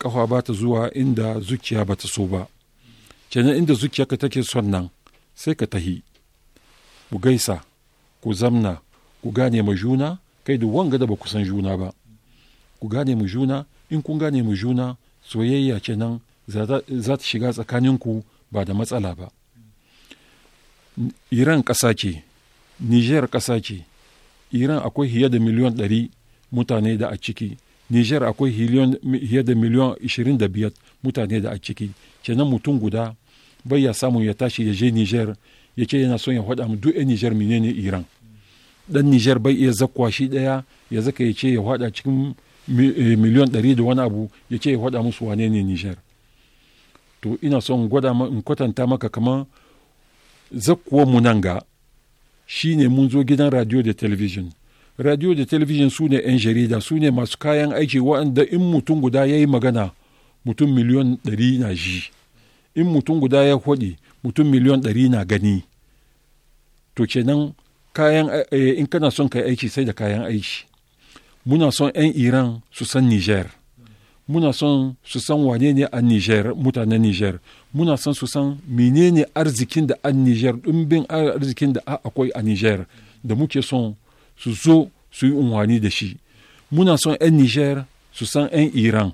ƙafa ba ta zuwa inda zuciya ba ta so ba kenan inda zuciyarka take son nan sai ka tahi ku gaisa ku zamna ku gane mu juna kai da wanga da ba ku san juna ba ku gane mu juna in kun gane mu juna soyayya kenan za ta shiga tsakaninku ba da matsala ba iran ƙasa ce niger ƙasa ce iran akwai hiye da miliyan ɗari mutane da a ciki niger akwai hiye da miliyan 25 mutane da a ciki kenan mutum guda bai ya samu ya tashi ya je Niger ya ce yana son ya faɗa mu duk Niger menene Iran dan Niger bai iya zakwa shi daya ya zaka ya ce ya faɗa cikin eh, miliyon ɗari da wani abu ya ce ya faɗa musu wane ne Niger to ina son gwada in kwatanta maka kamar zakkuwar mu nan ga shine mun zo gidan radio da television radio da television su ne 'yan jarida su ne masu kayan aiki waɗanda in mutum guda ya yi magana mutum miliyan ɗari na ji in mutum guda ya kwaɗi mutum miliyon ɗari na gani to kenan kayan eh, in kana son ka aiki sai da kayan aiki muna son 'yan iran su san niger muna son su san wane ne a niger mutanen niger muna son su san menene arzikin da a niger ɗumbin arzikin da akwai a niger da muke son su zo su yi unwani da shi muna son 'yan niger su san 'yan iran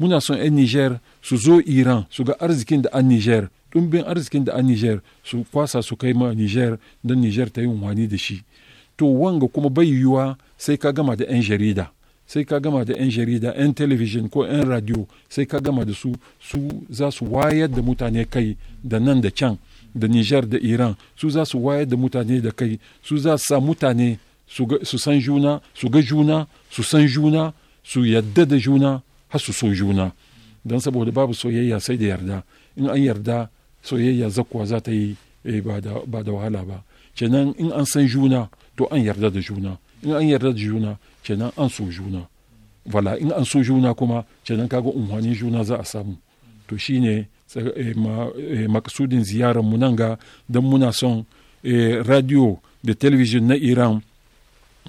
muna son 'yan niger su zo iran su ga arzikin da an niger ɗumbin arzikin da an niger su kwasa su kai ma niger don niger ta yi wani da shi to wanga kuma bai yiwuwa sai ka gama da 'yan jarida sai ka gama da 'yan jarida 'yan television ko 'yan radio sai ka gama da su su za su wayar da mutane kai da nan da can da niger da iran su za su wayar da mutane da kai su za su sa mutane su san juna su ga juna su san juna su yadda da juna har su so juna don saboda babu soyayya sai da yarda in an yarda soyayya zakuwa za ta yi eh, ba da wahala ba kenan in an san juna to an yarda da juna in an yarda da juna kenan an so juna wala in an so juna kuma kenan kaga unhwanin juna za a samu to shine eh, eh, makasudin ziyarar mu nan ga don muna son radio da television na iran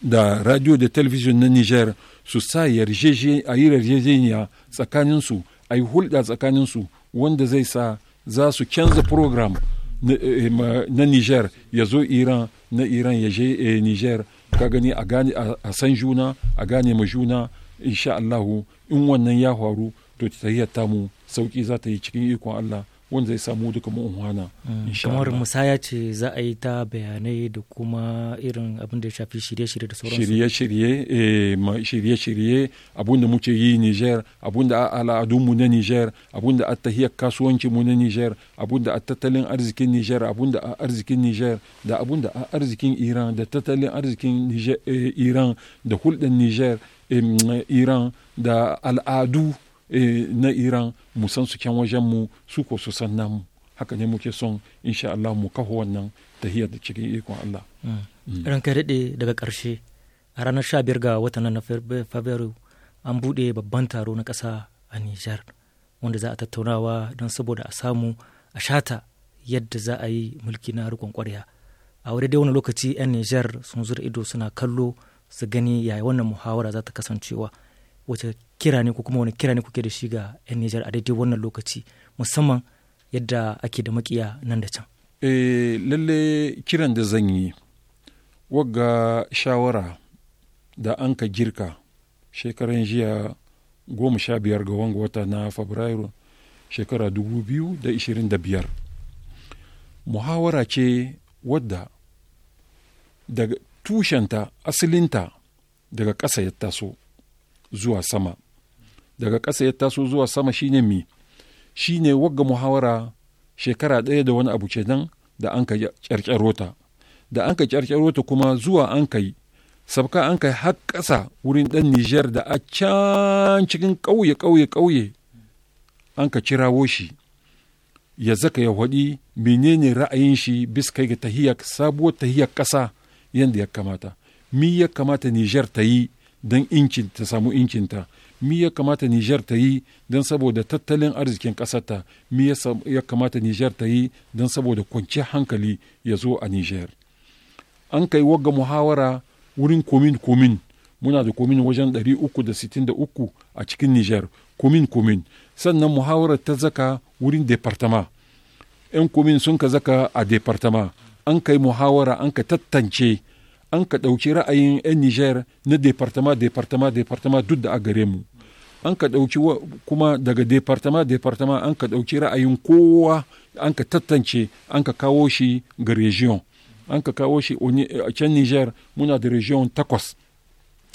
da radio da television na niger su sa yarjeje a yi yarjejeniya tsakaninsu a yi hulɗa tsakaninsu wanda zai sa za su canza program na eh, niger ya zo iran na iran ya je eh, niger ka gani a gane a san juna a gane ma juna insha allahu in wannan ya faru to ta tamu sauki za ta yi cikin ikon allah wanda zai samu da kuma umarna. Mm, kamar musaya ce za a yi ta bayanai da kuma irin abin da ya shafi shirye-shirye da sauransu shirye-shirye eh, shirye-shirye abin da muke yi niger abin da mu na niger abin da kasuwanci mu na niger abin da tattalin arzikin niger abin da arzikin niger da abin da arzikin iran da tattalin arzikin eh, iran da hulɗar niger eh, iran da al'adu Eh, na iran mu san su kyan wajen mu su ko su san namu haka ne muke son insha Allah mu kaho wannan tahiyar da cikin ikon Allah. ran hmm. hmm. Ranka daɗe daga ƙarshe a ranar sha biyar ga watan na Fabrairu an buɗe babban taro na ƙasa a Nijar wanda za a tattaunawa don saboda a samu a shata yadda za a yi mulki na rikon ƙwarya. A wani dai wani lokaci 'yan Nijar sun zura ido suna kallo su gani yaya wannan muhawara za ta kasancewa. wace kira ne ko kuma wani kira ne kuke da shi ga 'yan Nijar a daidai wannan lokaci musamman yadda ake da makiya nan da can. E, lalle kiran da zan yi wagga shawara da an ka girka shekaran jiya goma sha biyar ga wanga wata na fabrairu shekara dubu biyu da ishirin da biyar muhawara ce wadda daga tushenta asalinta daga ƙasa ya taso zuwa sama daga ƙasa ya taso zuwa sama shine mi shine wagga muhawara shekara ɗaya da wani abu kenan da an ka ƙyarƙyaro ta da an ka ƙyarƙyaro ta kuma zuwa an kai sabka an kai har ƙasa wurin ɗan Nijar da a can cikin ƙauye ƙauye ƙauye an ka kirawo shi ya zaka ya faɗi menene ra'ayin shi bis kai ga tahiyar sabuwar tahiyar ƙasa yadda ya kamata mi ya kamata Nijar ta yi don inkin ta samu inkinta mi ya kamata Nijar ta yi don saboda tattalin arzikin ƙasarta mi ya kamata Nijar ta yi don saboda kwanciyar hankali ya zo a Nijar an kai wagga muhawara wurin komin komin muna da komin wajen ɗari da da uku a cikin Nijar komin komin sannan muhawarar ta zaka wurin departama 'yan komin sun ka zaka a departama an kai muhawara an ka tattance an ka ɗauki ra'ayin 'yan nijar na departama departama departama duk da a gare mu an ka ɗauki kuma daga departama departama an ka ɗauki ra'ayin kowa an ka tattance an ka kawo shi ga region an ka kawo shi a can Nijar muna da region takwas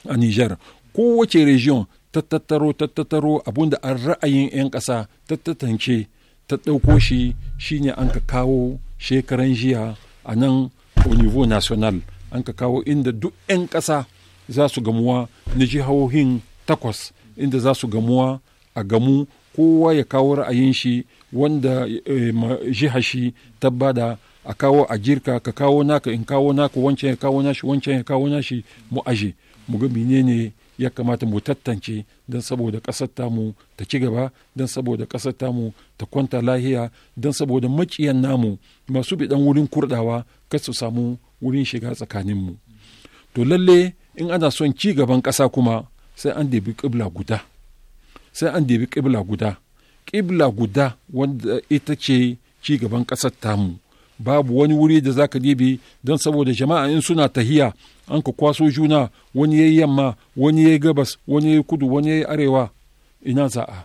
a nijar kowace region ta tattaro ta tattaro abinda an ra'ayin 'yan ƙasa ta tattance ta ɗauko shi shine an ka kawo shekaran jiya a nan au niveau national an ka kawo inda duk 'yan ƙasa za su gamuwa na jihohin takwas inda za su gamuwa a gamu kowa ya kawo ra'ayin shi wanda eh, jiha shi ta bada a kawo a jirka ka kawo naka in kawo naka wancan ya kawo nashi wancan ya kawo nashi mu aje mu ga menene ya kamata mu tattance don saboda ƙasar tamu ta ci gaba don saboda ƙasar tamu ta kwanta lahiya don saboda maciyan namu masu bidan wurin kurdawa kar su samu wurin shiga tsakaninmu to lalle in ana son ci gaban ƙasa kuma sai an debi ƙibla guda sai an debi ƙibla guda ƙibla guda wanda ita ce ci gaban ƙasar tamu babu wani wuri da zaka ka don saboda jama'a in suna tahiya an ka kwaso juna wani ya yi yamma wani ya yi gabas wani ya yi kudu wani ya yi arewa ina za a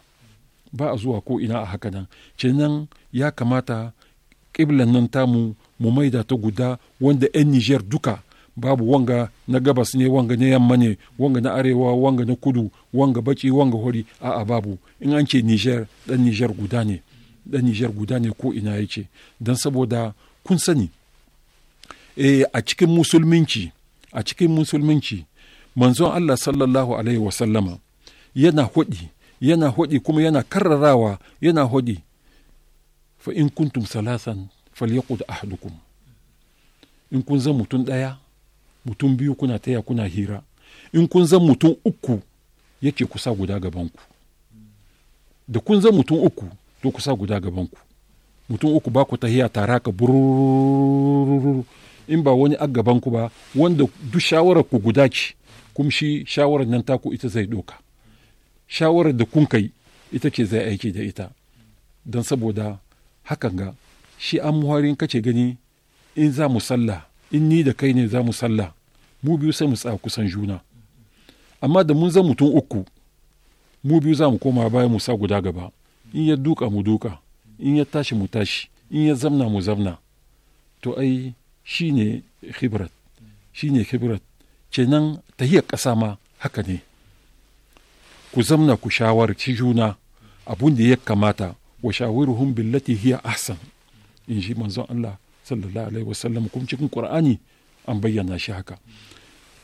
ba a zuwa ko ina a haka nan kenan ya kamata ƙiblan nan tamu mu maida ta guda wanda 'yan Nijar duka babu wanga na gabas ne wanga na yamma ne wanga na arewa wanga na kudu wanga baki wanga hori a'a babu in an ce Nijar dan Nijar guda ne dan Nijar guda ne ko ina yake dan saboda kun sani eh a cikin musulminci a cikin musulminci manzon Allah sallallahu alaihi wa sallama yana hodi yana hodi kuma yana karrarawa yana hodi fa in kuntum salasan falyaqud ahadukum in kun zan mutum ɗaya mutum biyu kuna taya kuna hira in kun zan mutum uku yake kusa guda gabanku da kun zan mutum uku to kusa guda gabanku mutum uku ba ku tahiya tara ka in ba wani ag gabanku ba wanda duk shawarar ku guda ce kum shi shawarar nan taku ita zai ɗauka shawarar da kun kai ita ce zai aiki da ita don saboda hakan ga shi an muharin kace gani in za mu sallah in ni da kai ne za mu sallah mu biyu sai mu tsaya kusan juna amma da mun zan mutum uku mu biyu za mu koma baya mu sa guda gaba in ya duka mu duka in ya tashi mu tashi in ya zamna mu zamna to ai shi ne khibrat shi ne khibrat kenan tahiyar ƙasa ma haka ne ku zamna ku shawarci juna abun da ya kamata wa shawiruhum billati hiya ahsan in shi manzon Allah sallallahu alaihi wasallam kuma cikin Qur'ani an bayyana shi haka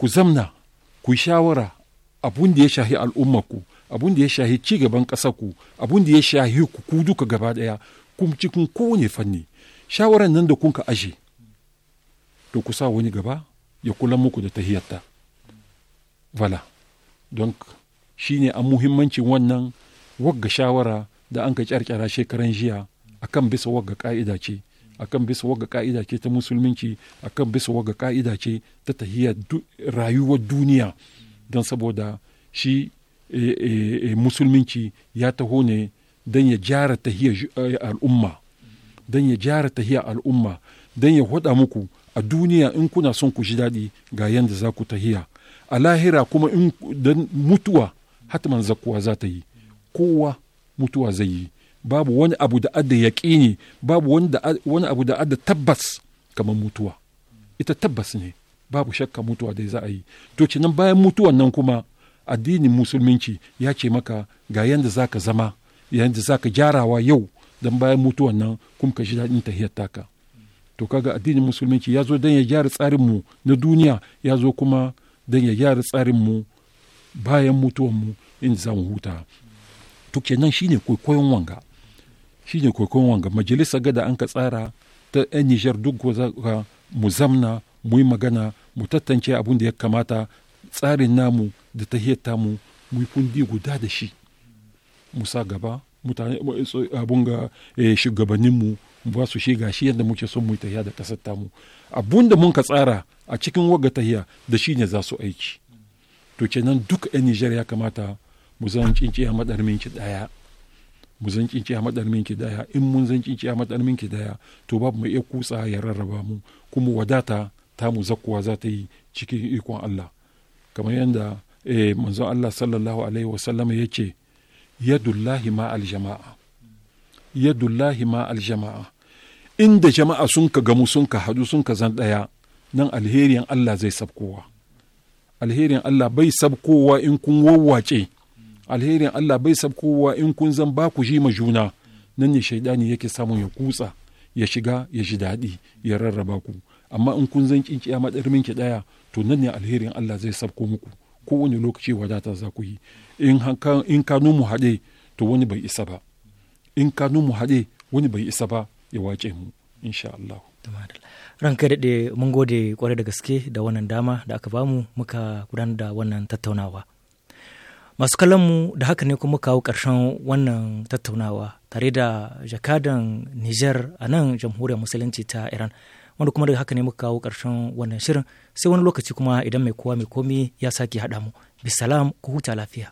ku zamna ku shawara abun da ya shahi al'ummarku abun da ya shahi ci gaban ƙasarku abun da ya shahi ku ku duka gaba daya kuma cikin kowane fanni shawaran nan da kunka aje to ku sa wani gaba ya kula muku da tahiyarta wala don shine a muhimmancin wannan wagga shawara da an ka kyarkyara shekaran jiya akan bisa wagga ka'ida ce akan bisa wagga ka'ida ce ta musulminci akan bisa wagga ka'ida ce ta tahiyar rayuwar duniya don saboda shi eh, eh, eh, musulminci ya taho ne don ya jara tahiyar al'umma don ya jara tahiyar al'umma don ya hada muku a duniya in kuna son ku ji daɗi ga yadda za ku tahiya a lahira kuma in mutuwa hatman zakuwa za ta yi kowa mutuwa zai yi babu wani abu da adda ƙini babu wani abu da adda tabbas kamar mutuwa ita tabbas ne babu shakka mutuwa da za a yi to kenan bayan mutuwan nan kuma addinin musulminci ya ce maka ga yanda za ka zama yanda za ka gyarawa yau don bayan mutuwan nan kuma ka shi daɗin tahiyar taka to kaga addinin musulminci ya zo don ya gyara tsarinmu na duniya ya zo kuma don ya gyara mu bayan mutuwanmu in za mu huta to kenan shine kwaikwayon wanga shine ne kokon wanga majalisa gada an ka tsara ta 'yan nijar duk mu zamna mu yi magana mu tattance abin da ya kamata tsarin namu da ta hiyata mu mu yi kundi guda da shi mu sa gaba mutane abun ga eh, shugabanninmu ba su shiga shi yadda muke son mu yi tahiya da kasar mu. abun da mun ka tsara a cikin waga tahiya da shi ne za su aiki to kenan duk 'yan nijar ya kamata mu zama cinciya ki daya mu zan kinci ya madar min daya in mun zan kinci ya madar min daya to babu mai iya kutsa ya rarraba mu kuma wadata ta mu zakkuwa za ta yi cikin ikon Allah kamar yadda eh, manzon Allah sallallahu alaihi wa sallam ya ce yadullahi ma aljama'a yadullahi ma aljama'a inda jama'a sun ka gamu sun ka hadu sun ka zan daya nan alherin Allah zai sabkowa alherin Allah bai sabkowa in kun wawwace alherin Allah bai sabkowa in kun zan ba ku ji ma juna nan ne shaidani yake samun ya kutsa ya shiga ya ji daɗi ya rarraba ku amma in kun zan ya matsar minki daya to nan ne alherin Allah zai sabko muku kowane lokaci wadata za ku yi in in kanu mu haɗe to wani bai isa ba in kanu mu haɗe wani bai isa ba ya wace mu insha Allah ranka daɗe mun gode kwarai da gaske da wannan dama da aka bamu muka gudanar da wannan tattaunawa masu mu da haka ne kuma kawo ƙarshen wannan tattaunawa tare da jakadan niger a nan jamhuriyar musulunci ta iran wanda kuma daga haka ne muka kawo ƙarshen wannan shirin sai wani lokaci kuma idan mai kowa mai komi ya sake haɗa mu bisalam ku huta lafiya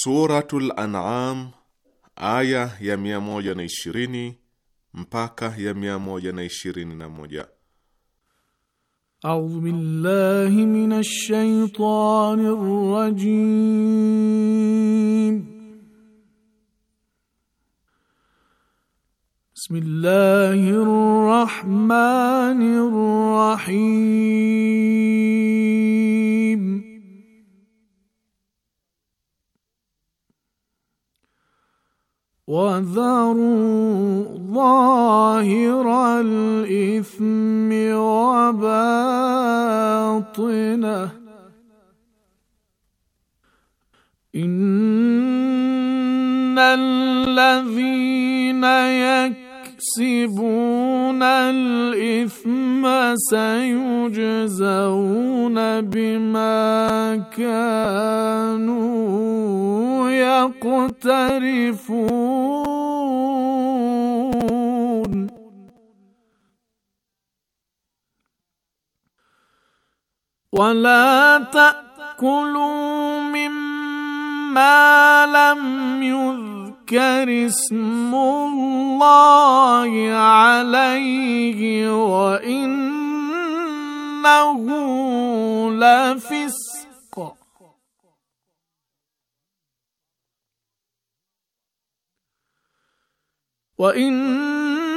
Suratul An'am aya ya 120 mpaka ya 121. A'udhu billahi minash shaitanir rajim. Bismillahir rahmanir rahim. وذروا ظاهر الإثم وباطنه إن الذين يكسبون الإثم سيجزون بما كانوا يقترفون ولا تأكلوا مما لم يذكر اسم الله عليه وإنه لفسق وإن